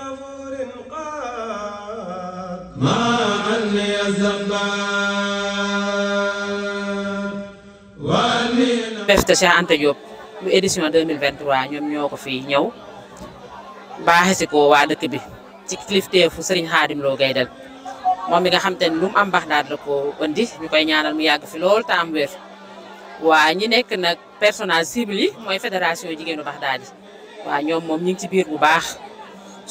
غفور قاد ما عني الزمان Festa Cheikh Anta ñoo ko fi ñëw baaxe si ko waa dëkk bi ci kilifteefu Sëriñ Xaadim Lo Gaydel moom mi nga xam te ne lu am baax daal la ko indi ñu koy ñaanal mu yàgg fi lool te am wér waa ñi nekk nag personnel cible yi mooy fédération jigéenu Baxdaadi waa ñoom moom ñu ci biir bu baax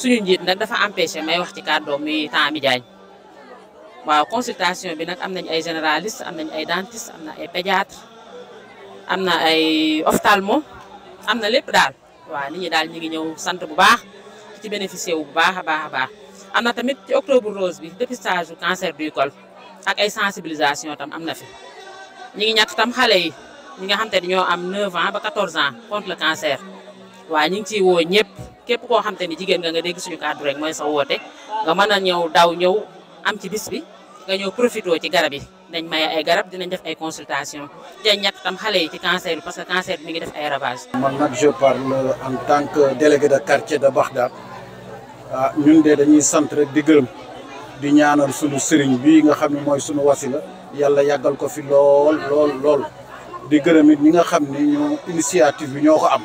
suñu njiit nag dafa empêché may wax ci kàddoom muy temps mi jaañ waaw consultation bi nag am nañ ay généraliste am nañ ay dentiste am na ay pédiatre am na ay ophtalmo am na lépp daal waa nit ñi daal ñu ngi ñëw sant bu baax ci bénéficier wu bu baax a baax a baax am na tamit octobre rose bi dépistage du cancer du col ak ay sensibilisation tam am na fi ñi ngi ñàkk tam xale yi ñi nga xam te dañoo am 9 ans ba 14 ans contre le cancer waa ñi ngi ciy woo ñëpp képp koo xam te ni jigéen nga nga dégg suñu kàddu rek mooy sa woote nga mën a ñëw daw ñëw am ci bis bi nga ñëw profitoo ci garab yi dañ maye ay garab dinañ def ay consultation te ñett tam xale yi ci cancer bi parce que cancer bi mi ngi def ay ravage man nag je parle en tant que délégué de quartier de Baxda ah, ñun de dañuy sant rek di gërëm di ñaanal suñu sëriñ bi nga xam ne mooy suñu wasila yàlla yàggal ko fi lool lool lool di gërëm it ñi nga xam ni ñu initiative bi ñoo ko am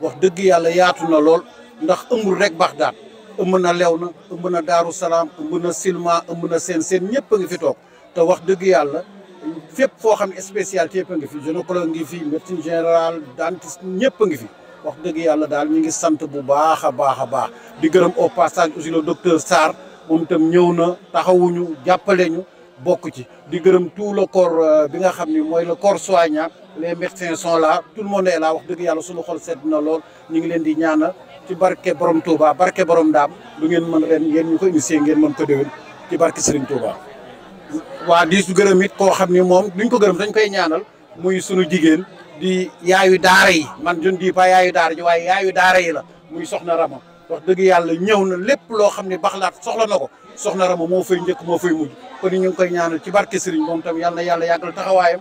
wax dëgg yàlla yaatu na lool ndax ëmbul rek Baxdaad ëmb na na ëmb na Daaru Salaam ëmb na Silma ëmb na seen seen ñëpp ngi fi toog te wax dëgg yàlla fépp foo xam ne spécialité yëpp a ngi fi gynécologue ngi fi médecine générale dentiste ñëpp a ngi fi wax dëgg yàlla daal ñu ngi sant bu baax a baax a baax di gërëm au passage aussi docteur Sarr moom itam ñëw na taxawuñu jàppale ñu bokk ci di gërëm tout le corps euh, bi nga xam ni mooy le corps soignant les médecins sont là tout le monde est là wax deug yalla suñu xol set na lool ñi ngi leen di ñaanal ci barke borom Touba barke borom dam du ngeen mën ren ngeen ñu ko initier ngeen mën ko deewel ci barké Serigne Touba. wa di su gëreem nit ko xamni mom duñ ko gëreem dañ koy ñaanal muy sunu jigen di yaayu daara yi man je di fa yaayu daara ji way yaayu daara yi la muy soxna Rama wax deug yalla ñew na lepp lo xamni ne baxlaat soxla nako soxna Rama mo fay ñeek mo fay mujj kon ñu koy ñaanal ci barké Serigne mom tam yalla yalla yagal taxawayam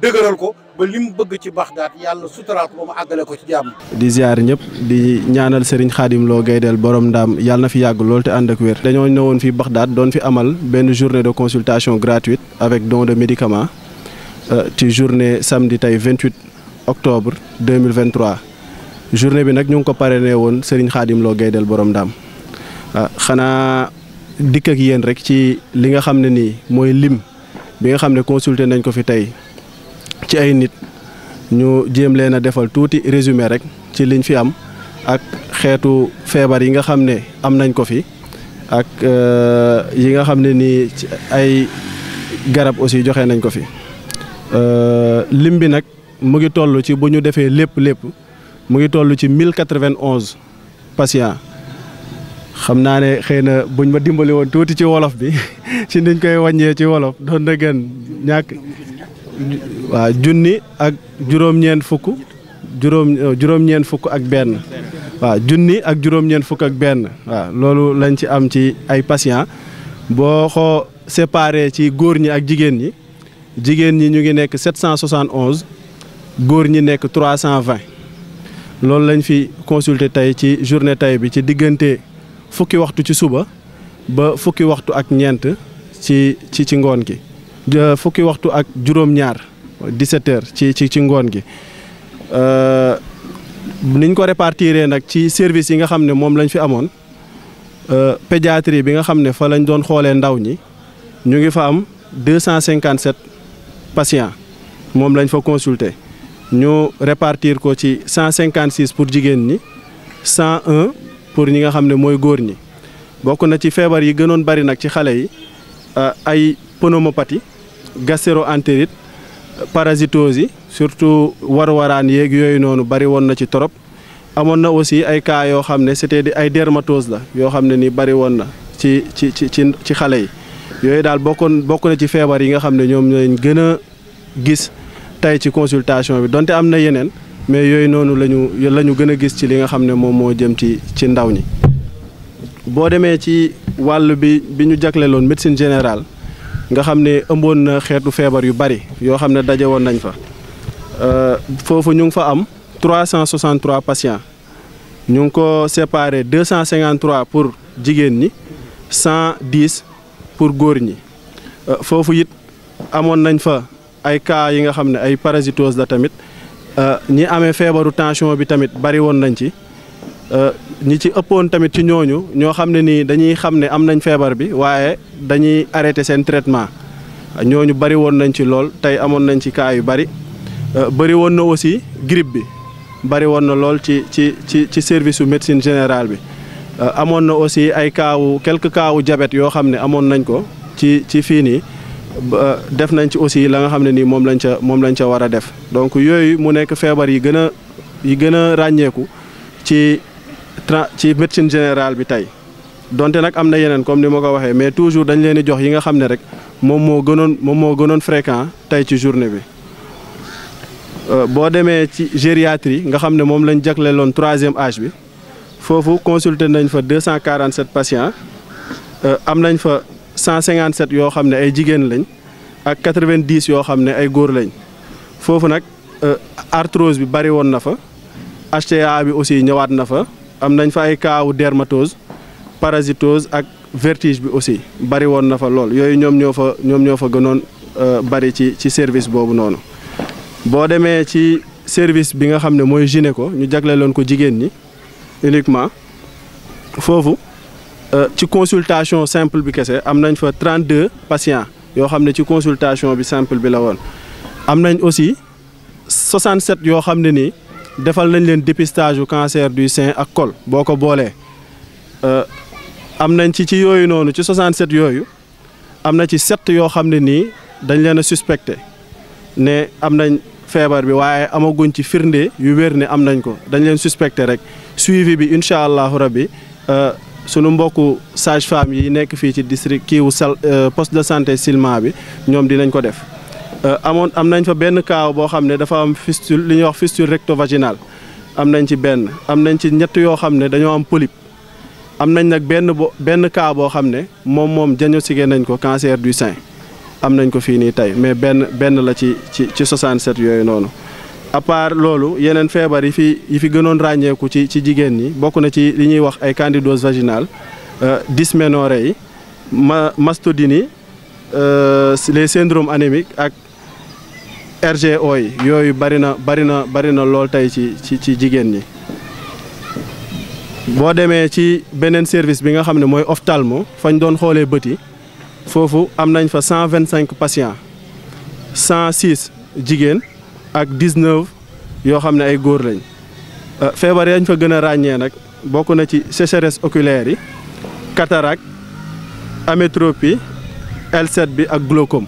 dëgëral ko ba lim bëgg ci Baxdaad yàlla suturaat ba mu àggale ko ci jàmm. di ziar ñëpp di ñaanal Serigne Khadim Lo Gaydel borom ndaam yàlla na fi yàgg lool te ànd ak wér. dañoo ñëwoon fii Baxdaad doon fi amal benn journée de consultation gratuite avec don de médicaments euh, ci journée samedi tey 28 octobre 2023 journée bi nag ñu ngi ko parrainé woon Serigne Khadim Lo Gaydel borom ndaam euh, xanaa dikk ak yéen rek ci li nga xam ne nii mooy lim bi nga xam ne consulté nañ ko fi tey. ci ay nit ñu jéem leen a defal tuuti résumé rek ci liñ fi am ak xeetu feebar yi nga xam ne am nañ ko fi ak euh, yi nga xam ne nii ci ay garab aussi joxe nañ ko fi euh, lim bi nag mu ngi toll ci bu ñu defee lépp lépp mu ngi toll ci mille quatre-vingt-onze patients xam naa ne xëy na buñ ma dimbali woon tuuti ci wolof bi ci niñ koy wàññee ci wolof doon na gën ñàkk. waa junni ak juróom-ñeent fukk euh, ak benn waa junni ak juróom-ñeent fukk ak benn waaw loolu lañ ci am ci ay patient boo xoo séparé ci góor ñi ak jigéen ñi jigéen ñi ñu ngi nekk 771 góor ñi nekk 320 loolu lañ fi consulté tey ci journée tey bi ci diggante fukki waxtu ci suba ba fukki waxtu ak ñeent ci ci ci ngoon gi fukki waxtu ak juróom-ñaar 17h ci ci ci ngoon gi euh, niñ ko répartiré nak ci service yi nga xam mom lañ fi euh pédiatrie bi nga xam fa lañ doon xolé ndaw ñi ñu ngi fa am 257 patients mom lañ fa consulter ñu répartir ko ci 156 pour jigen ñi 101 pour ñi nga xam moy mooy ñi bokku na ci fièvre yi gënon bari nak ci xalé yi euh, ay. pneumopathie gastéro-entérite parasitose yi surtout warwaraan yeeg yooyu noonu bari woon na ci trop amoon na aussi ay cas yoo xam ne c'était di ay dermatose la yoo xam ne ni bari woon na ci ci ci ci ci xale yi yooyu daal bokkoon bokk na ci feebar yi nga xam ne ñoom lañ gën a gis tey ci consultation bi donte am na yeneen mais yooyu noonu la ñu la ñu gën a gis ci li nga xam ne moom moo jëm ci ci ndaw ñi boo demee ci wàll bi bi ñu loon médecine générale nga xam ne ëmboon na xeetu feebar yu bari yoo xam ne daje woon nañ fa euh, foofu ñu ngi fa am 363 patients ñu ngi ko séparé 253 pour jigéen ñi 110 pour góor ñi euh, foofu it amoon nañ fa ay cas yi nga xam ne ay parasitose la tamit euh, ñi amee feebaru tension bi tamit bari woon nañ ci ñi ci ëppoon tamit ci ñooñu ñoo xam ne nii dañuy xam ne am nañ feebar bi waaye dañuy arrêté seen traitement ñooñu bari woon nañ ci lool tey amoon nañ ci kaa yu bari euh, bari woon na aussi grippe bi bari woon na lool ci ci ci ci service su médecine générale bi euh, amoon na aussi ay kaawu quelques kaawu jabet yoo xam ne amoon nañ ko ci ci fii nii def nañ ci aussi la nga xam ne nii moom lañ ca moom lañ ca war a def donc yooyu mu nekk feebar yi gën a yi gën a ràññeeku ci. ci médecine général bi tey donte nag am na yeneen comme ni ma ko waxee mais toujours dañ leen di jox yi nga xam ne rek moom moo gënoon moom moo gënoon fréquent tey ci journée bi. Euh, boo demee ci gériatrie nga xam ne moom lañ jagleeloon troisième âge bi foofu consulté nañ fa 247 patients euh, am nañ fa 157 yoo xam ne ay jigéen lañ ak 90 yoo xam ne ay góor lañ foofu nag euh, arthrose bi bari woon na fa HTA bi aussi ñëwaat na fa. am nañ fa ay kaawu dermatose parasitose ak vertige bi aussi bari woon na fa lool yooyu ñoom ñoo fa ñoom ñoo fa gënoon euh, bari ci ci service boobu noonu boo demee ci service bi nga xam ne mooy gynéco ñu jagleeloon ko jigéen ñi uniquement foofu euh, ci consultation simple bi kese am nañ fa 32 patients yoo xam ne ci consultation bi simple bi la woon am nañ aussi 67 yoo xam ne nii defal nañ leen dépistage du cancer du sein ak col boo ko boolee euh, am nañ ci ci yooyu noonu ci 67 yooyu am na ci sept yoo xam ne nii dañ leen a suspecté ne am nañ feebar bi waaye amaguñ ci firnde yu wér ni am nañ ko dañ leen suspecté rek suivi bi incha allahu rabbi euh, sunu mbokku sage-femme yi nekk fii ci district kiiwu sal euh, poste de santé Silema bi ñoom dinañ ko def. Euh, amoon am nañ fa benn kaaw boo xam ne dafa am fistule li ñuy wax fistule rectovaginal am nañ ci benn am nañ ci ñett yoo xam ne dañoo am polype am nañ nag benn bo benn cas boo xam ne moom moom si diagnostiqué nañ ko cancer du sein am nañ ko fii nii tey mais benn benn la ci ci ci 67 yooyu noonu à part loolu yeneen feebar yi fi yi fi gënoon ràññeeku ci ci jigéen ñi bokk na ci li ñuy wax ay candidose vaginale euh, dysménorrhée yi ma mastodini euh, les syndromes anémiques ak RGO yi yooyu bari na bari na bari na lool tey ci ci ci jigéen ñi boo demee ci beneen service bi nga xam ne mooy ophtalmo fañ doon xoolee bët foofu am nañ fa cent vingt cinq patients cent six jigéen ak dix yoo xam ne ay góor lañ euh, feebar yañ fa gën a ràññee nag bokk na ci sécheresse oculaire yi cataracte amétropie l bi ak glokom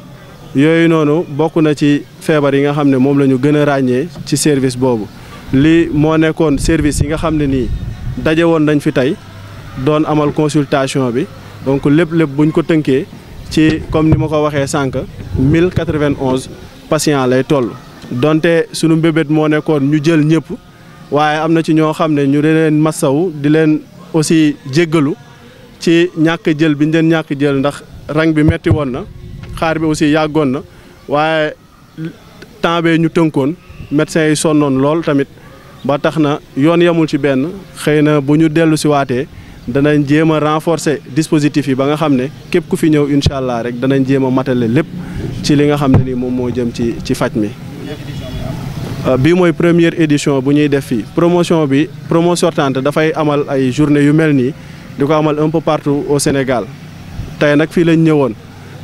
yooyu noonu bokk na ci feebar yi nga xam ne moom la ñu gën a ràññee ci service boobu li moo nekkoon service yi nga xam ne nii daje woon nañ fi tey doon amal consultation bi donc lépp lépp buñ ko tënkee ci comme ni ma ko waxee sànq 1091 patients lay toll. donte sunu mbébét moo nekkoon ñu jël ñëpp waaye am na ci ñoo xam ne ñu di leen massawu di leen aussi jéggalu ci ñàkk jël bi leen ñàkk jël ndax rang bi metti woon na. xaar bi aussi yàggoon na waaye temps bee ñu tënkoon médecins yi sonoon lool tamit ba tax na yoon yamul ci benn xëy na bu ñu dellu si waatee danañ jéem a renforcer dispositif yi ba nga xam ne képp ku fi ñëw incha allah rek danañ jéem a matale lépp ci li nga xam ne ni moom moo jëm ci ci faj mi. Euh, bii mooy première édition bu ñuy def fii promotion bi promotion sortante dafay amal ay journée yu mel nii di ko amal un peu partout au Sénégal tey nag fii lañ ñëwoon.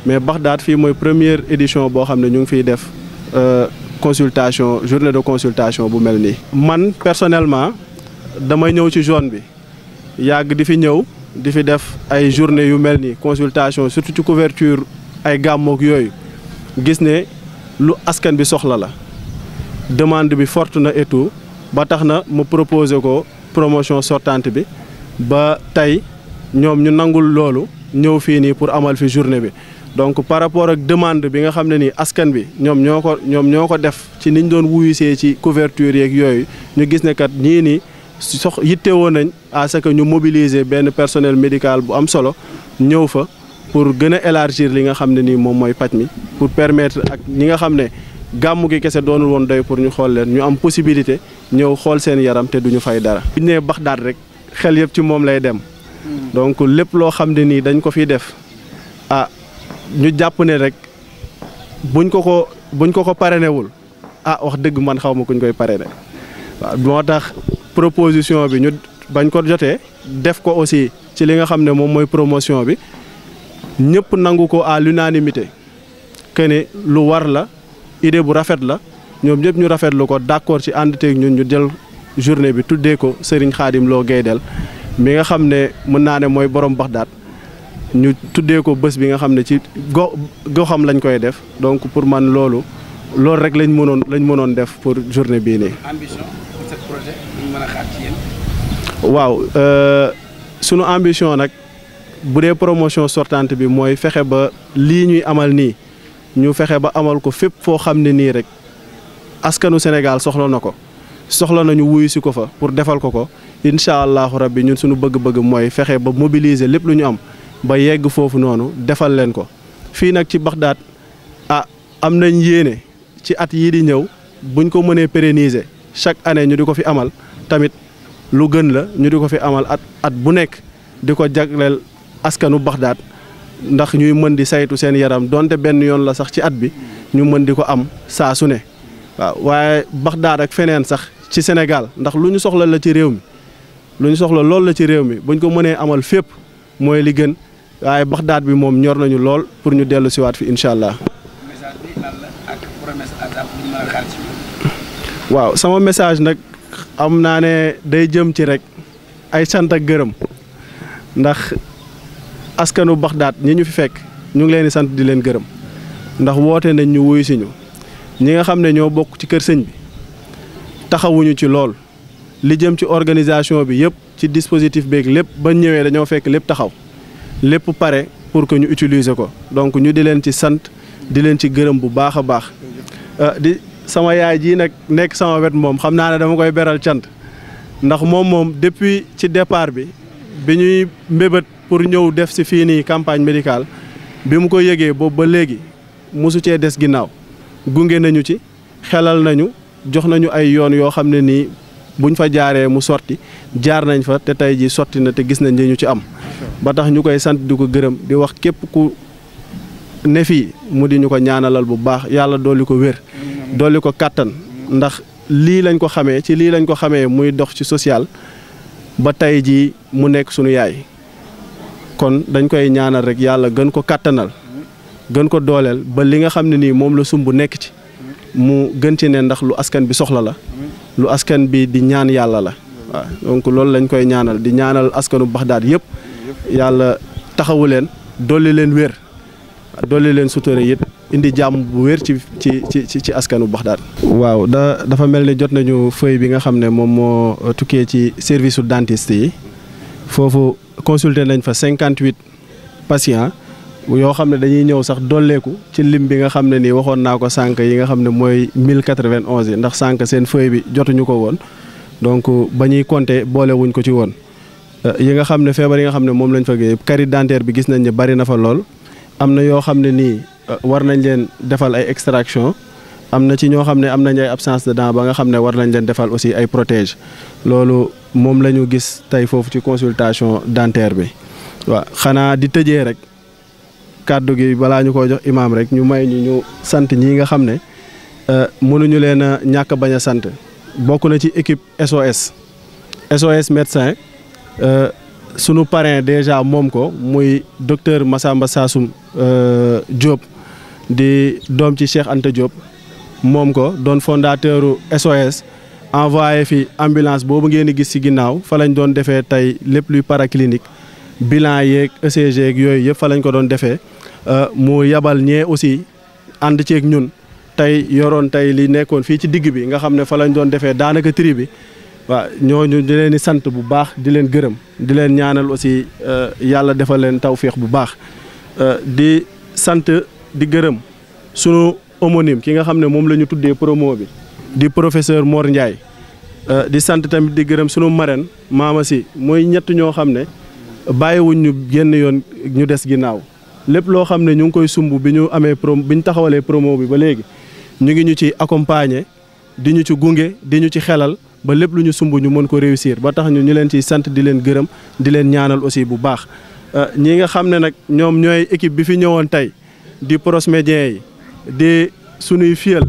mais Baghdad fi moy première édition bo xamné ñu ngi fiy def euh, consultation journée de consultation bu melni man personnellement damay ñëw ci zone bi yag di fi ñëw di fi def ay journée yu melni consultation surtout ci couverture ay gamok yoy gis né lu askan bi soxla la demande bi forte na et tout ba tax na mu proposer ko promotion sortante bi ba tay ñom ñu nangul lolu ñëw fi ni pour amal fi journée bi. donc par rapport ak demande bi nga xam ne nii askan bi ñoom ñoo ko ñoom ñoo ko def ci niñ doon wuyusee ci couverture yeeg yooyu ñu gis ne kat ñii nii sox yittewoo nañ à que ñu mobiliser benn personnel médical bu am solo ñëw fa pour gën a élargir li nga xam ne nii moom mooy paj mi pour permettre ak ñi nga xam ne gàmmu gi kese doonul woon doy pour ñu xool leen ñu am possibilité ñëw xool seen yaram te duñu fay dara. bu ñu nee Baxdaad rek xel yëpp ci moom lay dem. Hmm. donc lépp loo xam ne nii dañ ko fiy def ah, ñu jàpp ne rek buñ ko ko buñ ko ko parrainewul ah wax dëgg man xaw ma kuñ koy parrainé waaw moo tax proposition bi ñu bañ ko jotee def ko aussi ci li nga xam ne moom mooy promotion bi ñëpp nangu ko à l'unanimité que ne lu war la idée bu rafet la ñoom ñëpp ñu rafetlu ko d'accord ci ànd teeg ñun ñu jël journée bi tuddee ko Serigne Khadim Lo Gaydel mi nga xam ne mën naa ne mooy borom Baxdaad ñu tuddee ko bés bi nga xam ne ci go goxam lañ koy def donc pour man loolu loolu rek lañ mënoon lañ mënoon def pour journée bii nii. ambition pour waaw euh, sunu ambition nag bu dee promotion sortante bi mooy fexe ba lii ñuy amal nii ñu fexe ba amal ko fépp foo xam ne nii rek askanu Sénégal soxla na ko soxla nañu wuyu si ko fa pour defal ko ko incha allahu rabbi ñun suñu bëgg-bëgg mooy fexe ba mobiliser lépp lu ñu am. ba yegg foofu noonu defal leen ko fii nag ci Baxdaad a am nañ yéene ci at yii di ñëw buñ ko mënee pérenniser chaque année ñu di ko fi amal tamit lu gën la ñu di ko fi amal at at bu nekk di ko jagleel askanu Baxdaad ndax ñuy mën di saytu seen yaram donte benn yoon la sax ci at bi ñu mën di ko am saa su ne waaw waaye Baxdaad ak feneen sax ci Sénégal ndax lu ñu soxla la ci réew mi lu ñu soxla loolu la ci réew mi buñ ko mënee amal fépp mooy li gën. waaye Baxdaad bi moom ñor nañu lool pour ñu dellu siwaat fi incha allah. waaw sama message nag am naa ne day jëm ci rek ay sant ak gërëm ndax askanu Baxdaad ñi ñu fi fekk ñu ngi leen di sant di leen gërëm ndax woote nañ ñu wuyu si ñu ñi nga xam ne ñoo bokk ci kër sëñ bi taxawuñu ci lool li jëm ci organisation bi yëpp ci dispositif beeg lépp ba ñëwee dañoo fekk lépp taxaw. lépp pare pour que ñu utiliser ko donc ñu di leen ci sant di leen ci gërëm bu baax a baax euh, di sama yaay jii nag nekk sama wet moom xam naa ne dama koy beral cant ndax moom moom depuis ci départ bi bi ñuy mbébét pour ñëw def si fii nii campagne médicale bi mu ko yëgee boobu ba léegi mosu cee des ginnaaw gunge nañu ci xelal nañu jox nañu ay yoon yoo xam ne nii buñ fa jaaree mu sorti jaar nañ fa te tey ji sotti na te gis nañ li ñu ci am ba tax ñukay sante diko gëreem di wax képp ku ne fi mu di ñuko ñaanalal bu baax yalla dooli ko wér dooli ko kàttan ndax li lañ ko xamé ci li lañ ko xamé muy dox ci social ba tay ji mu nekk sunu yaay kon dañ koy ñaanal rek yalla gën ko katanal gën ko dolel ba li nga xamni ni mom la sumbu nekk ci mu gën ci ne ndax lu askan bi soxla la lu askan bi di ñaan yalla la donc lool lañ koy ñaanal di ñaanal askanu baghdad yépp yàlla taxawu leen dolli leen wér dolli leen sutura it indi jàmm bu wér ci ci ci ci askanu Baxdaad. waaw da dafa mel ni jot nañu feuille bi nga xam ne moom moo euh, tukkee ci service su dentiste yi foofu consulté nañ fa cinquante huit patients yoo xam ne dañuy ñëw sax dolleeku ci lim bi nga xam ne nii waxoon naa ko sànq yi nga xam ne mooy mille quatre vingt onze yi ndax sànq seen feuille bi jotuñu ko woon donc euh, ba ñuy compté boolewuñ ko ci woon. Euh, yi nga xam ne feebar yi nga xam ne moom lañ fa géey carie dentaire bi gis nañ ne bari na fa lool am na yoo xam ne nii euh, war nañ leen defal ay extraction am na ci ñoo xam ne am nañ ay absence de dents ba nga xam ne war nañ leen defal aussi ay protege loolu moom la ñu gis tey foofu ci consultation dentaire bi waaw xanaa di tëjee rek kàddu gi balaa ñu ko jox imaam rek ñu may ñu ñu sant ñi nga xam ne euh, mënuñu leen a ñàkk bañ a sant bokk na ci équipe SOS SOS médecin Euh, sunu parrain déjà moom ko muy docteur Massamba Sassoum euh, Diop di doom ci Cheikh ante Diop moom ko doon fondateur SOS envoyé fi ambulance boobu ngeen di gis ci ginnaaw fa lañ doon defee tey lépp luy paraclinique bilan yeeg ECG yeeg yooyu yëpp fa lañ ko doon defee euh, mu yabal ñee aussi ànd ceeg ñun tey yoroon tey li nekkoon fii ci digg bi nga xam ne fa lañ doon defee daanaka tri bi waaw ñooñu di leen di sant bu baax di leen gërëm di leen ñaanal aussi euh, yàlla defal leen tawféex bu baax euh, di sant di gërëm sunu homonyme ki nga xam ne moom la ñu tuddee promo bi di professeur moor Ndiaye euh, di sant tamit di gërëm sunu marraine maama si mooy ñett ñoo xam ne bàyyiwuñ ñu génn yoon ñu des ginnaaw lépp loo xam ne ñu ngi koy sumb bi ñu amee prom bi ñu taxawalee promo bi ba léegi ñu ngi ñu ci accompagner di ñu ci gunge di ñu ci xelal ba lepp luñu sumbu ñu mën ko réussir ba tax ñu ñu leen ci sant di leen gërëm di leen ñaanal aussi bu baax euh, ñi nga xam ne nag ñoom ñooy équipe bi fi ñëwoon tey di prosmédiens yi di sunuy fiyal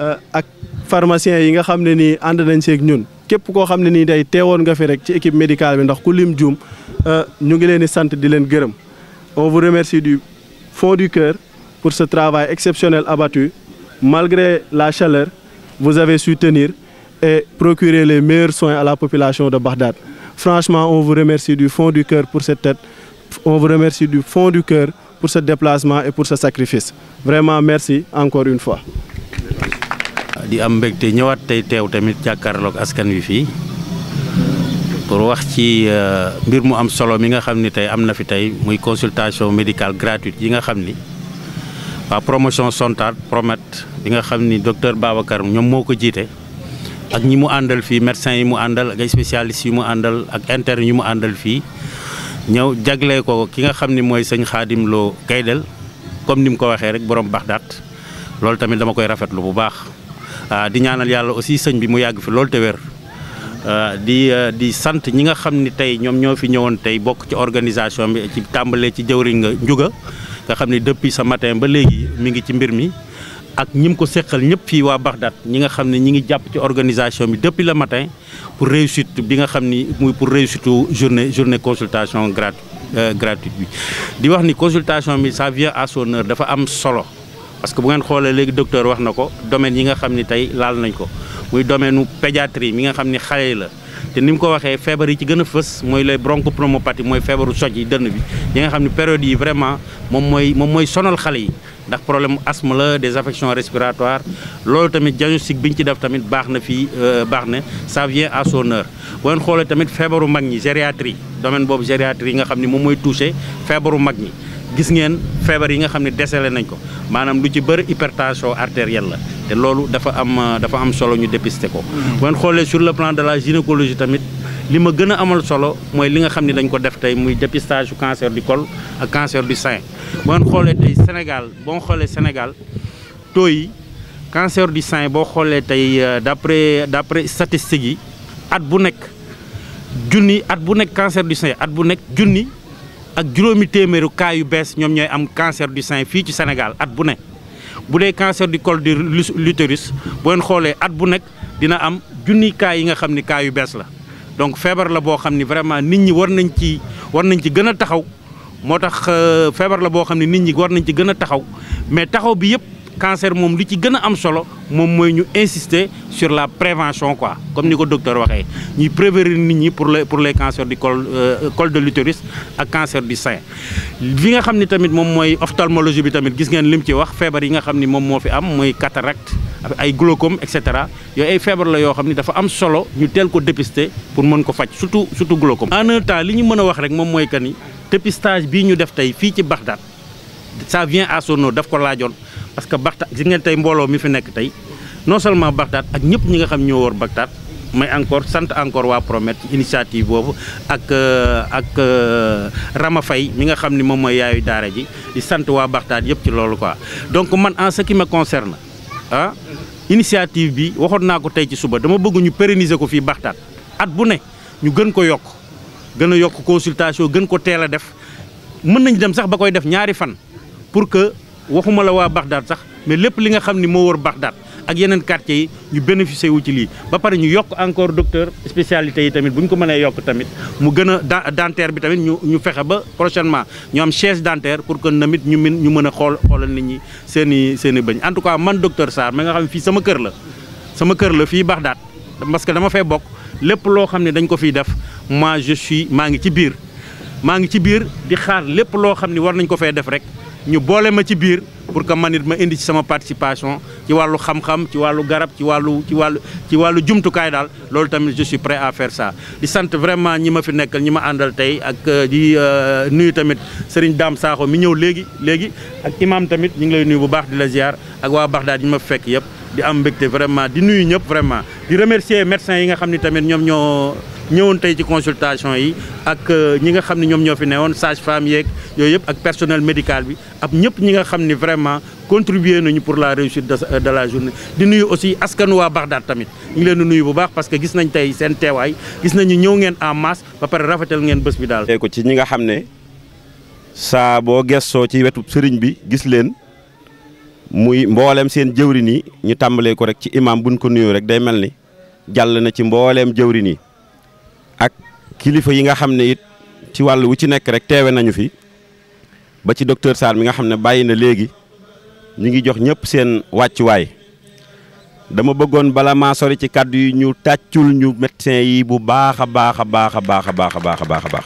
euh, ak pharmaciens yi nga xam ne nii ànd nañ seeg ñun képp koo xam ne nii day teewoon nga fi rek ci équipe médicale bi ndax ku lim juum euh, ñu ngi leen di sant di leen gërëm on vous remercie du fond du cœur pour ce travail exceptionnel abattu malgré la chaleur vous avez su tenir et procurer les meilleurs soins à la population de Bagdad. Franchement, on vous remercie du fond du cœur pour cette tête. On vous remercie du fond du cœur pour ce déplacement et pour ce sacrifice. Vraiment, merci encore une fois. di am mbégte ñëwaat tey teew tamit jàkkaarloog askan wi fii pour wax ci euh, mbir mu am solo mi nga xam ni tey am na fi tey muy consultation médicale gratuite yi nga xam ni waa promotion Sontar Promet bi nga xam docteur Babacar ñoom moo ko ak ñi mu àndal fii médecin yi mu àndal ak ay spécialistes yi mu àndal ak interne yi mu àndal fii ñëw jagle ko ki nga xam ni mooy sëñ Xaadim Lo Gaydel comme ni mu ko waxee rek borom Baxdaat loolu tamit dama koy rafetlu bu baax ah, di ñaanal yàlla aussi sëñ bi mu yàgg fi loolu te wér ah, di ah, di sant ñi nga xam ni tey ñoom ñoo fi ñëwoon tey bokk ci organisation bi ci tàmbalee ci jëwriñ nga njuga nga xam ni depuis sa matin ba léegi mi ngi ci mbir mi ak ñim ko seqal ñëpp fi wa Bagdad ñi nga xamni ñi ngi japp ci organisation bi depuis le matin pour réussite bi nga xamni muy pour réussite journée journée consultation gratu euh, gratuite bi. di wax ni consultation bi ça vient à son heure dafa am solo parce que bu ngeen xolé légui docteur wax nako domaine yi nga xamni tay tey laal nañ ko muy domaine pédiatrie mi nga xamni xalé la. té ni ko waxé fièvre yi ci gëna fess moy lay les bronchopneumopathie moy fièvre soj yi dënn bi ñi nga xamni période yi vraiment mom moy mom moy sonal xalé yi ndax problème asthme la des affections respiratoires loolu tamit diagnostic biñ ci def tamit baax na fii euh, baax na ça vient à son heure bu ngeen xoolee tamit feebaru mag ñi gériatrie domaine boobu gériatrie yi nga xam ne moom mooy touché feebaru mag ñi gis ngeen feebar yi nga xam ne desele nañ ko maanaam lu ci bëri hypertension artérielle la te loolu dafa am euh, dafa am solo ñu dépister ko mm-hmm. bu ngeen xoolee sur le plan de la gynécologie tamit li ma gën a amal solo mooy li nga xam ne dañ ko def tey muy dépistage cancer du col ak cancer du sein boo xoolee tey Sénégal boo xoolee Sénégal taux yi cancer du boo xoolee tey euh, d'après d'après statistiques yi at bu nekk junni at bu nekk cancer du sein at bu nekk junni ak juróomi téeméeru cas yu bees ñoom ñooy am cancer du sein fii ci Sénégal at bu ne bu dee cancer du col de l'utérus boo xoolee at bu nekk dina am junni cas yi nga xam ni cas yu bees la. donc feebar la boo xam ni vraiment nit ñi war nañ ci war nañ ci gën a taxaw moo tax euh, la boo ni ne nit ñi war nañ ci gën taxaw mais taxaw bi yëpp cancer mon li ci gagne am solo moom mooy ñu insister sur la prévention quoi comme ni ko docteur waxee ñuy prévenir nit ñi pour les pour les cancers du col euh, col de l'utérus à cancer du sein. li nga xam ni tamit mon moyen ophtalmologie bi tamit gis ngeen lim ci wax feebar yi nga xam mon moyen am mooy cataracte. ay glaucome et cetera yooyu ay fièvre la yo xamni dafa am solo ñu tel ko dépister pour mën ko fajj surtout surtout glaucome. en un temps li ñu mëna wax rek mom moy kan ni dépistage bi ñu def tay fi ci Bagdad ça vient à son nom daf ko laajoon parce que Bagdad gis ngeen tay mbolo mi fi nek tay non seulement Bagdad ak ñepp ñi nga xam ñoo wor Bagdad mais encore sante encore wa Promet initiative bobu ak euh, ak euh, Rama fay mi nga xamni mom moy yaayu daara ji di sante wa Bagdad yep ci lolu quoi donc man en ce qui me concerne. ah initiative bi waxoon naa ko tey ci suba dama bëgg ñu pérenniser ko fii Baxtaat at bu ne ñu gën ko yokk gën a yokk consultation gën ko teel a def mën nañ dem sax ba koy def ñaari fan pour que waxuma la waa Baxdaat sax mais lépp li nga xam ni moo wër Baxdaat ak yeneen quartier yi ñu bénéficier wu ci lii ba pare ñu yokk encore docteur spécialité yi tamit bu ñu ko mënee yokk tamit mu gën a dentaire bi tamit ñu ñu fexe ba prochainement ñu am chaise dentaire pour que namit ñu mën ñu mën a xool xoolal nit ñi seeni seeni seen i bëñ en tout cas man docteur Sarr mi nga xam fii sama kër la sama kër la fii baax daat parce que dama fee bokk lépp loo xam ne dañ ko fiy def moi je maa ngi ci biir maa ngi ci biir di xaar lépp loo xam ne war nañ ko fay def rek ñu boole ma ci biir pour que manit ma indi ci sama participation ci walu xam-xam ci walu garab ci walu ci walu ci walu wàllu kay dal lolou tamit je suis prêt à faire ça di sante vraiment ñima fi nekkal ñima andal tay ak euh, di euh, nuyu tamit Serigne Dame saxo mi ñew léegi léegi ak imam tamit ñu ngi lay nuyu bu baax di la ziar ak wa baghdad ñi fekk yépp di am mbégte vraiment di nuyu ñëpp vraiment di remercier médecins yi nga xamni tamit ñom ñoo ñëwoon tay ci consultation yi ak euh, ñi nga xamni ñom ñofi néwon sage femme yeeg yooyu ak personnel médical bi ak ñëpp ñi nga xamni vraiment contribuer nañu pour la réussite de euh, la journée di nuyu aussi askanu waa Bagdad tamit ñu leen di nuyu bu baax parce que gis nañ tay sen téway gis nañu ñëw ngeen en masse ba pare rafetal ngeen bëss bi daal. ko ci ñi nga xamné sa bo gesso ci wetu sëriñ bi gis leen. muy mbollem seen jëwrin yi ñu tambalé ko rek ci imam buñ ko nuyu rek day melni jall na ci mbollem jëwrin ak kilifa yi nga xamné it ci walu wu ci nek rek téwé nañu fi ba ci docteur sar mi nga xamné bayina légui ñu ngi jox ñëpp seen way dama bëggoon bala ma sori ci kaddu yi ñu tàccul ñu médecin yi bu baaxa baaxa baaxa baaxa baaxa baaxa baaxa baax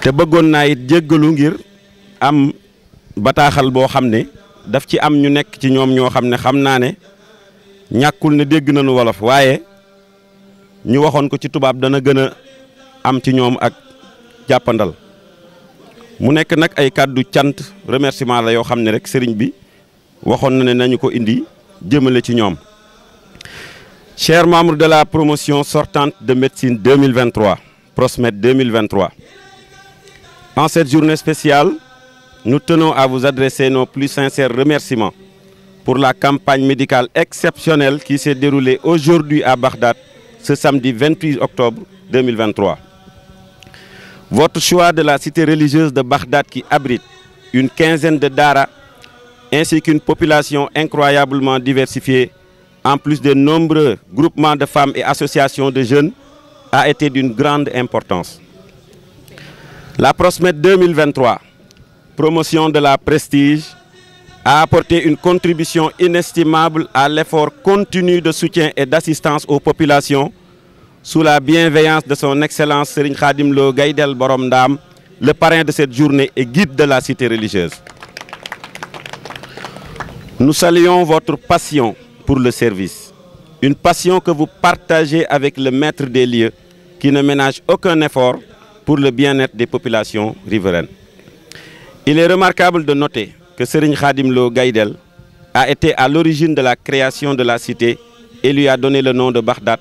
te bëggoon na it jéggalu ngir am bata boo hamne ne daf ci am ñu nekk ci ñom ño xamné ne né naa né dégg nañu wolof wayé ñu waxon ko ci tubab dana gën am ci ñom ak jappandal mu nekk nak ay kàddu tiant remerciement la yo xamné rek sëriñ bi waxon na né nañu ko indi jëmale ci ñom chers membres de la promotion sortante de médecine 2023 Prosmed 2023 en cette journée spéciale nous tenons à vous adresser nos plus sincères remerciements pour la campagne médicale exceptionnelle qui s'est déroulée aujourd'hui à Bagdad, ce samedi 28 octobre 2023. Votre choix de la cité religieuse de Bagdad qui abrite une quinzaine de Dara, ainsi qu'une population incroyablement diversifiée, en plus de nombreux groupements de femmes et associations de jeunes, a été d'une grande importance. La Prosmet 2023 promotion de la prestige, a apporté une contribution inestimable à l'effort continu de soutien et d'assistance aux populations sous la bienveillance de son Excellence Serigne Khadim Lo Gaïdel Boromdam, le parrain de cette journée et guide de la cité religieuse. Nous saluons votre passion pour le service, une passion que vous partagez avec le maître des lieux qui ne ménage aucun effort pour le bien-être des populations riveraines. Il est remarquable de noter que Serigne Khadim Lo Gaïdel a été à l'origine de la création de la cité et lui a donné le nom de Bagdad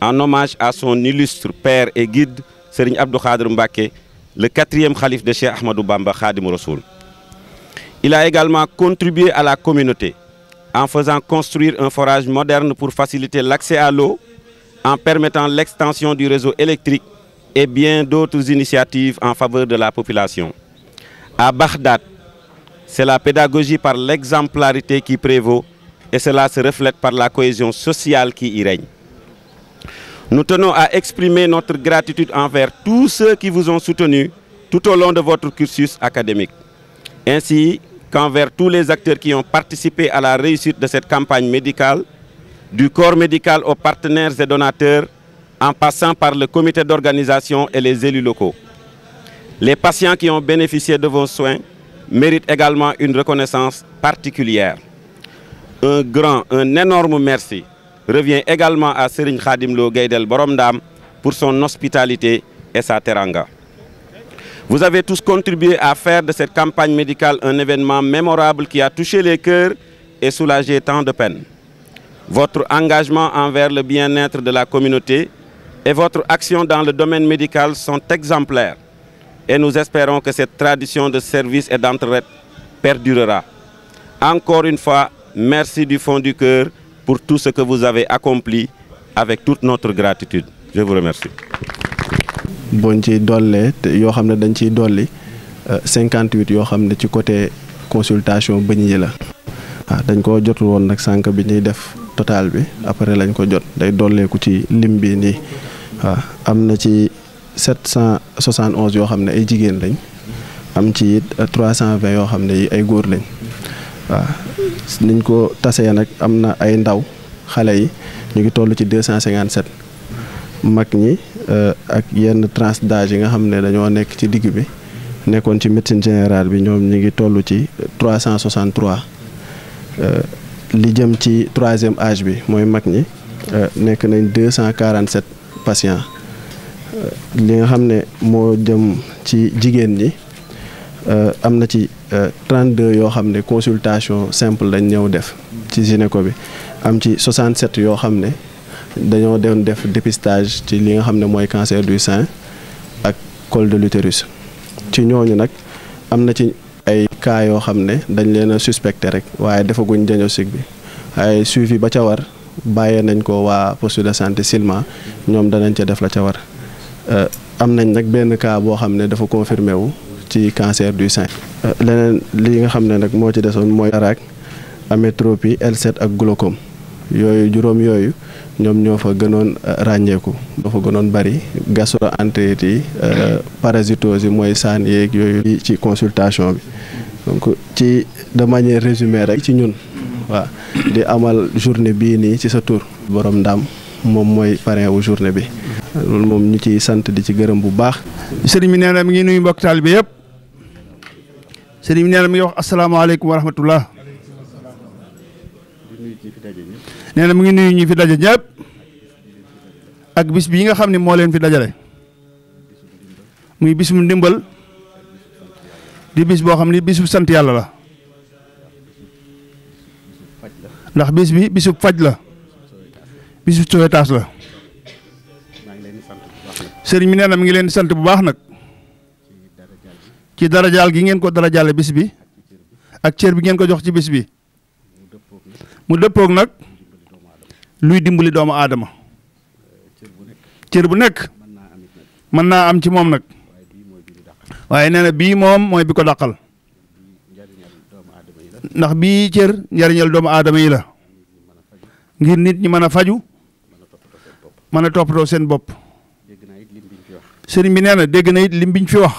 en hommage à son illustre père et guide Serigne Abdou Khadr Mbake, le quatrième calife de Cheikh Ahmadou Bamba Khadim Il a également contribué à la communauté en faisant construire un forage moderne pour faciliter l'accès à l'eau, en permettant l'extension du réseau électrique et bien d'autres initiatives en faveur de la population. À Bagdad, c'est la pédagogie par l'exemplarité qui prévaut et cela se reflète par la cohésion sociale qui y règne. Nous tenons à exprimer notre gratitude envers tous ceux qui vous ont soutenu tout au long de votre cursus académique, ainsi qu'envers tous les acteurs qui ont participé à la réussite de cette campagne médicale, du corps médical aux partenaires et donateurs, en passant par le comité d'organisation et les élus locaux. Les patients qui ont bénéficié de vos soins méritent également une reconnaissance particulière. Un grand, un énorme merci revient également à Serigne Khadim Lo Gaydel Boromdam pour son hospitalité et sa teranga. Vous avez tous contribué à faire de cette campagne médicale un événement mémorable qui a touché les cœurs et soulagé tant de peines. Votre engagement envers le bien-être de la communauté et votre action dans le domaine médical sont exemplaires et nous espérons que cette tradition de service et d'entraide perdurera. Encore une fois, merci du fond du cœur pour tout ce que vous avez accompli avec toute notre gratitude. Je vous remercie. Bon, ci dolé euh, yo xamné dañ ci dolli 58 yo xamné ci côté consultation bëñ yi la. Ah dañ ko jotul won nak sank bi ñuy def total bi après lañ ko jot day dolé ku ci limbi ni. wa ah, amna ci 771 yoo xam ne ay jigéen lañ am ci it 320 yoo xam ne yi ay góor lañ waaw niñ ko tasee nag am na ay ndaw xale yi ñu ngi toll ci 257 mag ñi eh, ak yenn tranche d'âge yi nga xam ne dañoo nekk ci digg bi nekkoon ci médecine général bi ñoom ñu ngi tollu ci 363 eh, li jëm ci troisième age bi mooy mag ñi eh, nekk nañ 247 patients li nga xam ne moo jëm ci jigéen ñi euh, am na ci 32 euh, yoo xam ne consultation simple lañ ñëw def ci gynéco bi am ci 67 yoo xam ne dañoo doon def dépistage ci li nga xam ne mooy cancer du sein ak cole de l'utérus ci ñooñu nag am na ci ay cas yoo xam ne dañ leen a suspecté rek waaye defaguñ diagnostic bi ay suivi ba ca war bàyyee nañ ko waa poste de santé Silma ñoom danañ ca def la ca war Euh, am nañ nag benn cas boo xam ne dafa confirmé wu ci cancer du sein. Euh, leneen li nga xam ne nag moo ci desoon mooy araak amétropie L7 ak glaucome yooyu juróom yooyu ñoom ñoo fa gënoon euh, ràññeeku. ñoo fa gënoon bari gastroentérite yi parasitose yi mooy saan yeeg yooyu ci consultation bi donc ci de manière résumée rek ci ñun. waaw di amal journée bii nii ci sa tur. borom ndam moom mooy parrain wu journée bi. lool mom ñu ci sante di ci gërëm bu baax. sëriñ bi nee mi ngi nuyu mbokk talibé yépp sëriñ bi nee mi ngi wax alaykum wa rahmatullah neena mi ngi nuyu ñi fi daje ñëpp ak bis bi nga xamni mo leen fi dajalé muy bisum ndimbal di bis bo xamni bisu sante yalla la ndax bis bi bisu faj la bisu toyetas la sëriñ mi nee na mi ngi leen di sant bu baax nag ci darajaal gi ngeen ko darajaale bis bi ak cër bi ngeen ko jox ci bis bi mu dëppoog nag luy dimbali doomu aadama cër bu nekk mën naa am ci moom nag waaye nee na bii moom mooy bi ko dàqal ndax bii cër njariñal doomu aadama yi la ngir nit ñi mën faju mën a toppatoo seen bopp sëriñ bi nee na dégg na it lim biñ fi wax.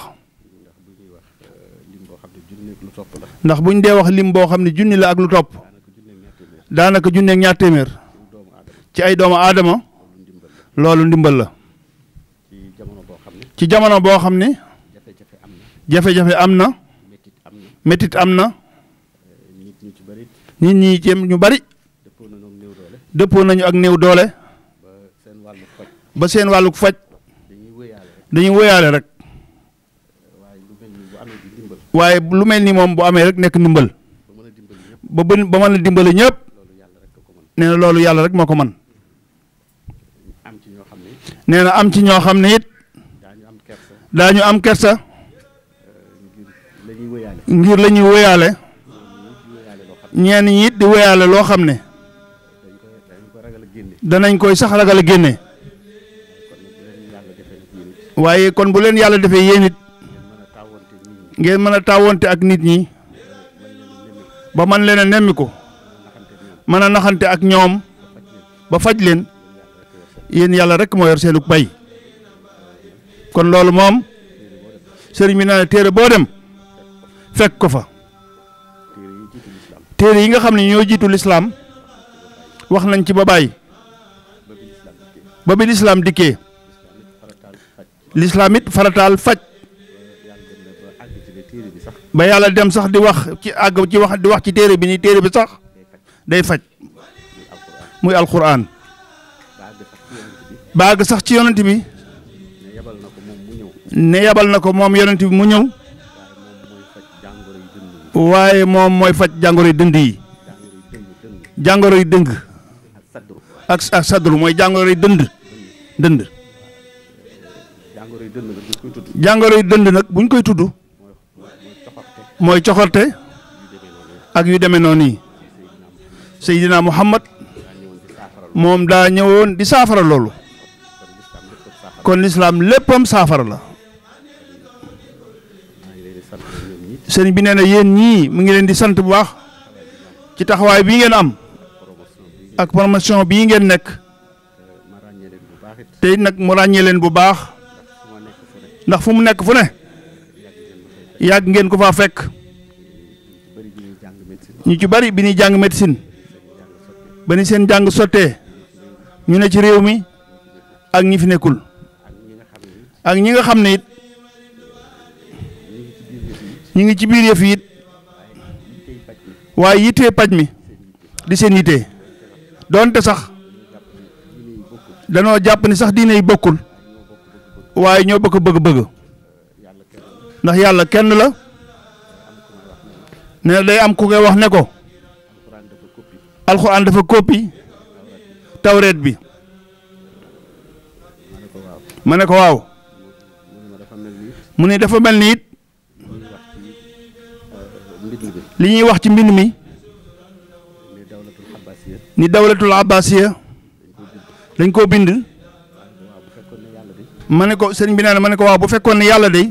ndax buñ dee wax lim boo xam ne junni la ak lu topp. daanaka junni ak ñaar téeméer. ci ay doomu aadama. loolu ndimbal la. ci jamono boo xam ne. jafe-jafe am na. métit am na. nit ñi ci ñu bari. dëppoo nañu ak néew doole. ba seen wàllug faj. dañuy woyale rek waye lu melni mom bu amé rek nek ndumbal ba bën ba man dimbalé dimbale ñëpp nee na loolu rek moo ko man nee na am ci ño xamné it dañu am kersa ngir woyale ñen yi di woyale lo di dañ koy ragal ne dañ koy sax ragal génné waaye kon bu leen yàlla defee yéen it ngeen mën a taawonte ak nit ñi ba man leen a ko mën a naxante ak ñoom ba faj leen yéen yàlla rek moo yor seenu bay kon loolu moom sëriñ bi naa téere boo dem fekk ko fa téere yi nga xam ne ñoo jiitu lislaam wax nañ ci ba bàyyi ba bi lislaam dikkee lislaam it farataal faj ba yàlla dem sax di wax ci àgg ci wax di wax ci téere bi ni téere bi sax day faj muy alquran baag sax ci yonent bi ne yabal na ko moom yonent bi mu ñëw waaye moom mooy faj jàngoro yu dënd yi jàngoro yi dëng ak ak mooy jàngoro yi dënd dënd jangoro yi dënd nak buñ koy tuddu moy coxorte ak yu démé noni sayyidina Muhammad mom da ñëwoon di safara lolu kon l'islam leppam safara la sëñ bi néna na ñi mu ngi leen di sant bu baax ci taxaway bi ngeen am ak promotion bi ngeen nek té nak mu rañé leen bu baax ndax fu mu nekk fu ne yàgg ngeen ko faa fekk ñu ci bari bi nuy jàng médecine ba ni seen jàng sottee ñu ne ci réew mi ak ñi fi nekkul ak ñi nga xam ne it ñu ngi ci biir yëf yi it waaye yittee paj mi di seen yittee doonte sax danoo jàpp ni sax diine yi bokkul. waaye ñoo bokk bëgg-bëgg ndax yàlla kenn la ne day am ku koy wax ne ko ànd dafa koppi tawreet bi ma ne ko waaw mu ne dafa mel ni it li ñuy wax ci mbind mi ni dawlatul abbasiya dañ koo bind mané ko sëriñ bi néna mané ko waaw bu fekkoon ne yàlla day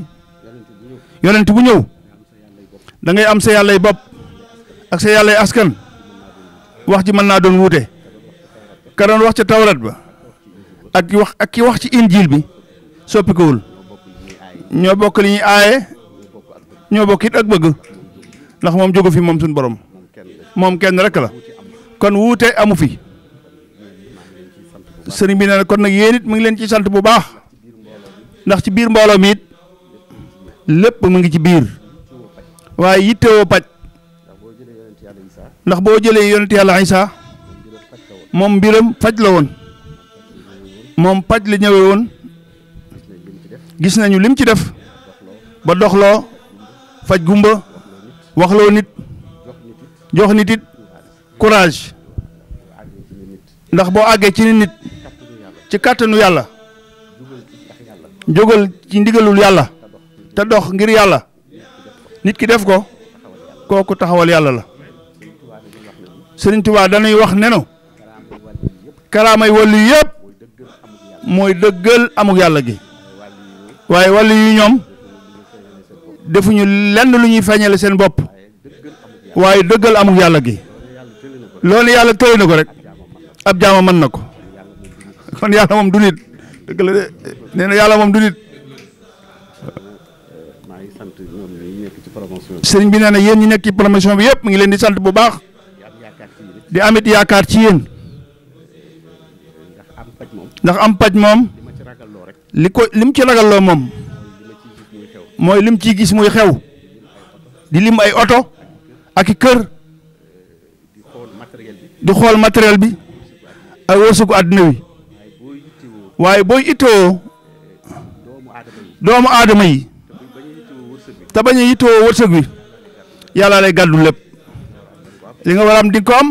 yonent bu ñëw da ngay am sa yàllay bopp ak sa yàllay askan wax ji mën naa doon wuute ka doon wax ci tawrat ba ak wax ak ki wax ci injil bi soppikuwul ñoo bokk li ñuy aaye ñoo bokk it ak bëgg ndax moom jógu fi moom suñu borom moom kenn rek la kon wuute amu fi sëriñ bi nee kon nag yéen it mu ngi leen ci sant bu baax ndax ci biir mbooloo mi lépp mu ngi ci biir waaye yittewoo paj ndax boo jëlee yonent yàlla Isaa moom mbiram faj la woon moom paj la ñëwee woon gis nañu lim ci def ba doxloo faj gumba waxloo nit jox nit it courage ndax boo àggee ci nit ci kàttanu yàlla jógal ci ndigalul yàlla te dox ngir yàlla nit ki def ko kooku taxawal yàlla la Sëriñ Tuubaa dañuy wax nenu karaamay wàllu yëpp mooy dëggal amuk yàlla gi waaye wàllu yi ñoom defuñu lenn lu ñuy feeñale seen bopp waaye dëggal amuk yàlla gi loolu yàlla tëye na ko rek ab jaama mën na ko kon yàlla moom du nit dëgg la na yàlla moom du nit. maa ngi sant bi. sëriñ bi na yéen ñi nekk ci promotion bi yëpp mu ngi leen di sant bu baax. di amit yaakaar ci yéen. ndax am paj moom. ndax am paj moom. li ko li ci ragalloo moom. mooy lim ci gis muy xew. di lim ay oto. ak i kër. di xool matériel bi. ak wërsëgu àdduna wi. waaye booy itoo doomu aadama yi te bañ a itoo wërsëg wi yàlla lay gàddu lépp li nga war a am di ko am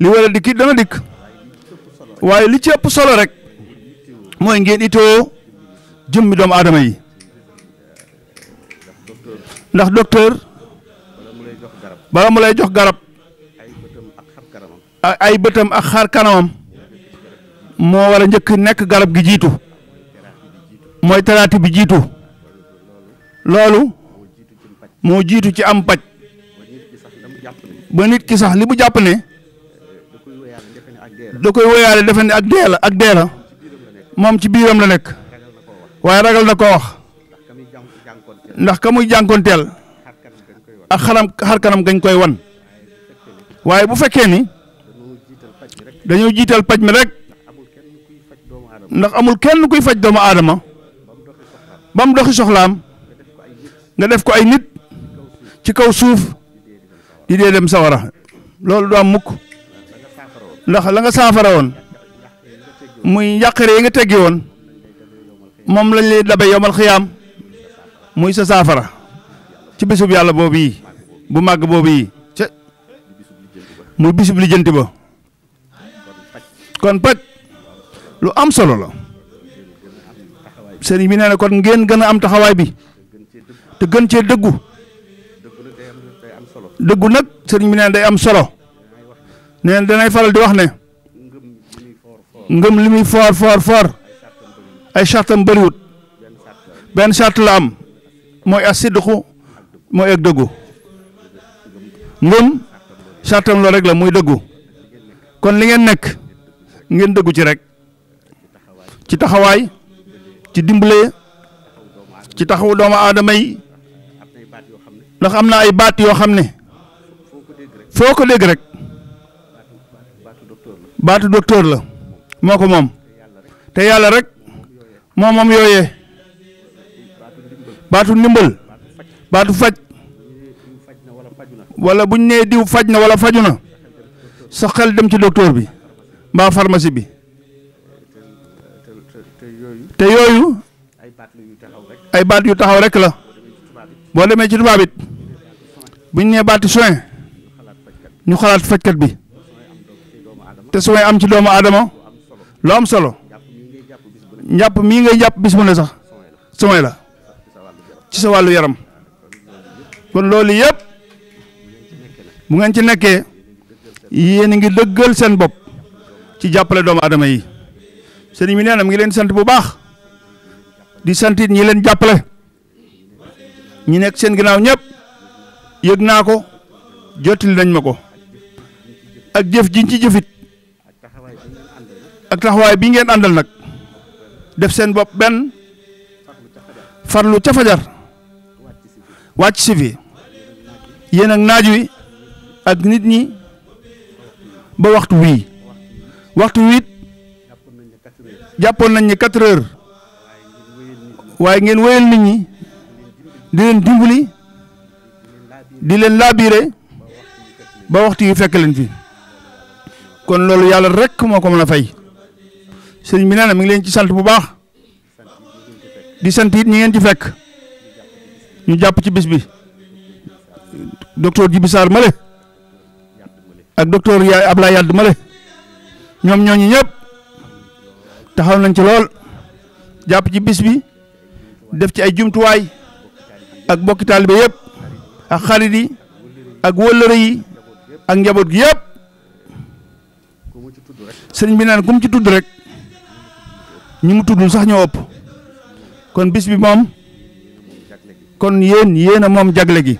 li war a dikki dana dikk waaye li ci ëpp solo rek mooy ngeen itoo jëmmi doomu aadama yi ndax docteur bala mu lay jox garab ay bëtam ak xar kanamam moo war a njëkk nekk garab gi jiitu mooy taraati bi jiitu loolu moo jiitu ci am paj ba nit ki sax li mu jàpp ne da koy woyaale defe ne ak dee ak dee la moom ci biiram la nekk waaye ragal na ko wax ndax ka muy jànkoonteel ak xaram xar gañ koy wan waaye bu fekkee ni dañoo jiital paj mi rek ndax amul kenn kuy faj doomu aadama ba mu doxi soxlaam nga def ko ay nit ci kaw suuf di dee dem sawara loolu du am mukk ndax la nga saafara woon muy njàqare yi nga teggi woon moom lañ lay dabe yomal am muy sa saafara ci bisub yàlla boobu yi bu màgg boobu yi ca muy bisub lijjanti ba kon paj lu am solo la serigne bi neena kon ngeen gëna am taxaway bi te gën ci deggu deggu nak serigne bi neena day am solo neen dañay faral di wax ne ngëm limi for for for ay ay bari wut ben chart la am moy asidxu moy ak deggu ngëm chartam lo rek la moy deggu kon li ngeen nek ngeen deggu ci rek ci taxawaay ci dimbale ci taxaw doomu aadama yi ndax am na ay baat yoo xam ne foo ko dégg rek baatu doktoor la moo ko moom te yàlla rek moo moom yooyee baatu ndimbal baatu faj wala buñ nee diw faj na wala faju na sa xel dem ci docteur bi mbaa pharmacie bi te yooyu ay baat yu taxaw rek la boo demee ci tubaab it buñ nee baati soin ñu xalaat fajkat bi te soin am ci doomu aadama lu am solo njàpp mii ngay jàpp bis bu ne sax soin la ci sa wàllu yaram kon loolu yépp bu ngeen ci nekkee yéen ngi dëggal seen bopp ci jàppale doomu aadama yi sëriñ bi nee na mu ngi leen sant bu baax di sant ñi leen jàppale ñi nekk seen ginaaw ñëpp yëg naa ko jottali nañ ma ko ak jëf jiñ ci jëfit ak taxawaay bi ngeen àndal nag def seen bopp benn farlu ca fajar wàcc si fi yéen ak naaj wi ak nit ñi ba waxtu wii waxtu wiit jàppoon nañ ne quatre heures waaye ngeen wéyal nit ñi di leen dimbali di leen laabiire ba waxtu yu fekk leen fi kon loolu yàlla rekk moo ko mën a fay sëriñ bi nee na mi ngi leen ci sant bu baax di sant it ñi ngeen ci fekk ñu jàpp ci bis bi docteur Djibi Sarr Male ak docteur Yaay Ablaye Yadd Male ñoom ñooñu ñëpp taxaw nañ ci lool jàpp ci bis bi. def ci ay jumtuwaay ak bokki taalibe yëpp ak xarit yi ak wëllëre yi ak njaboot gi yëpp sëriñ bi naan ci tudd rek ñu mu tuddul sax ñoo ëpp kon bis moom kon yéen yéen a moom jagle gi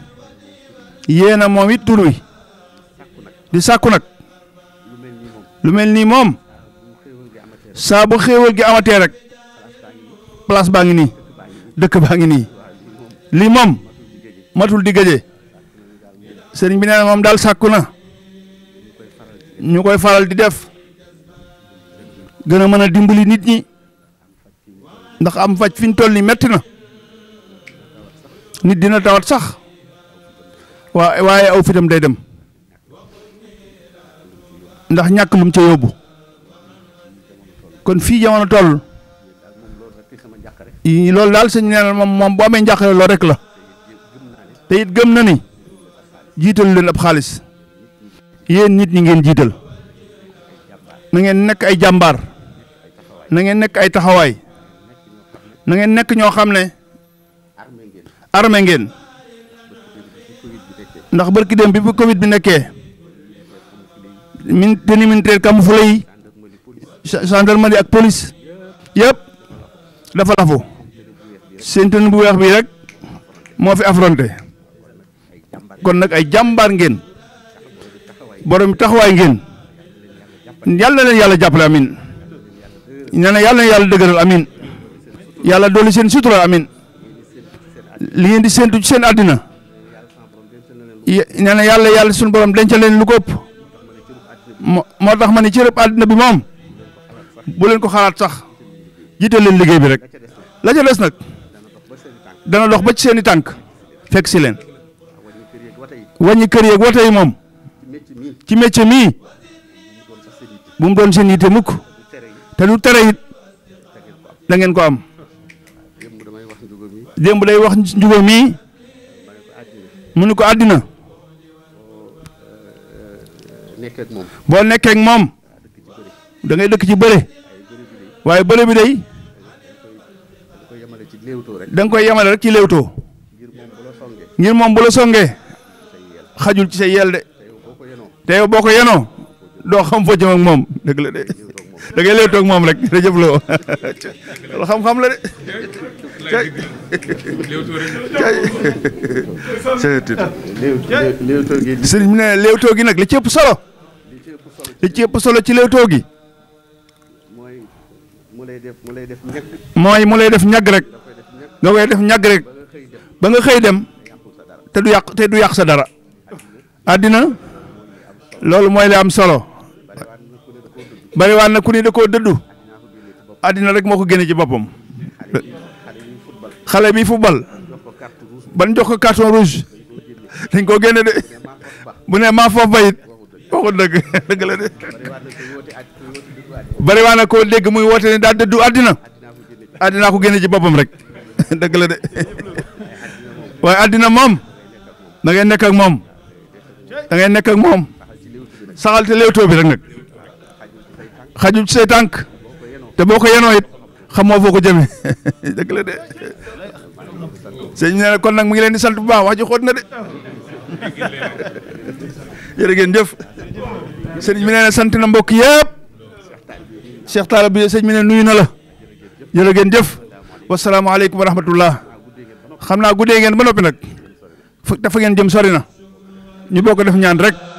yéen a moom it tur wi di sàkku nag lu mel nii moom saa bu xéewal gi amatee rek place baa ngi nii dëkk baa ngi nii lii moom matul di gëje seen bi moom daal sàkku na ñu koy faral di def gën a mën a dimbali nit ñi ndax am faj fi ñu toll nii metti na nit dina tawat sax waa waaye aw fitam day dem ndax ñàkk lu mu yóbbu kon fii jamono toll loolu daal sëñ nee moom moom boo amee njàqare loolu rek la te gëm na ni jiital leen ab xaalis yéen nit ñi ngeen jiital na ngeen nekk ay jàmbaar na ngeen nekk ay taxawaay na ngeen nekk ñoo xam ne armé ngeen ndax barki dem bi bu Covid bi nekkee ni tenue militaire camouflée yi gendarmerie ak police yëpp dafa lafu seen tën bu weex bi rek moo fi affronté kon nag ay jàmbaar ngeen borom taxawaay ngeen yàlla leen yàlla jàppale yàlla yàlla dëgëral yàlla dolli seen sutural amin di séentu ci seen àddina nee na yàlla yàlla suñu borom dencal leen lu ko ëpp moo tax ma ne ci àddina bi moom bu leen ko xalaat sax jiite leen liggéey bi rek la ca des nag dana dox ba ci seen i tànk fekk si leen wàññi kër yeeg wata yi moom ci métier mii bu mu doon seen yitte mukk te du tere it da ngeen ko am démb day wax njugo mii mu ni ko àddina boo nekkee ak moom da dëkk ci bëre waaye bëre bi day da nga koy yemale rek ci léewtoo ngir moom bu la songee xajul ci sa yel de te yow boo ko yenoo doo xam foo jëm moom dëgg la de da ngay moom rek jërëjëf la loolu xam-xam ne léewtoo gi nag li ci solo li ci solo ci léewtoo gi mooy mu lay def ñàgg rek nga koy def ñàgg rek ba nga xëy dem te du yàq te du yàq sa dara àddina loolu mooy li am solo bariwaan na ku ne da koo dëddu àddina rek moo ko génne ci boppam xale bi football ban jox ko carton rouge dañ koo génne de bu ne maa foofu bayit waxut dëgg dëgg la de bariwaan na koo dégg muy woote ne daa dëddu àddina àddinaa ko génne ci boppam rek dëgg la de waaye addina moom da ngay nekk moom da ngay nekk ak moom saxal te léewtoo bi rek nag xajul ci tànk te boo ko yenoo it xamoo foo ko jëmee dëgg la de sëñ bi kon nag mu ngi leen di sant bu baax wax ji de jërë ngeen jëf sëñ bi nee na sant na mbokk yëpp Cheikh Talla bi sëñ bi na la jërë ngeen jëf. wasalaamaaleykum wa rahmatullah xam naa guddee ngeen ba noppi nag dafa ngeen jëm sori na ñu ko def ñaan rek.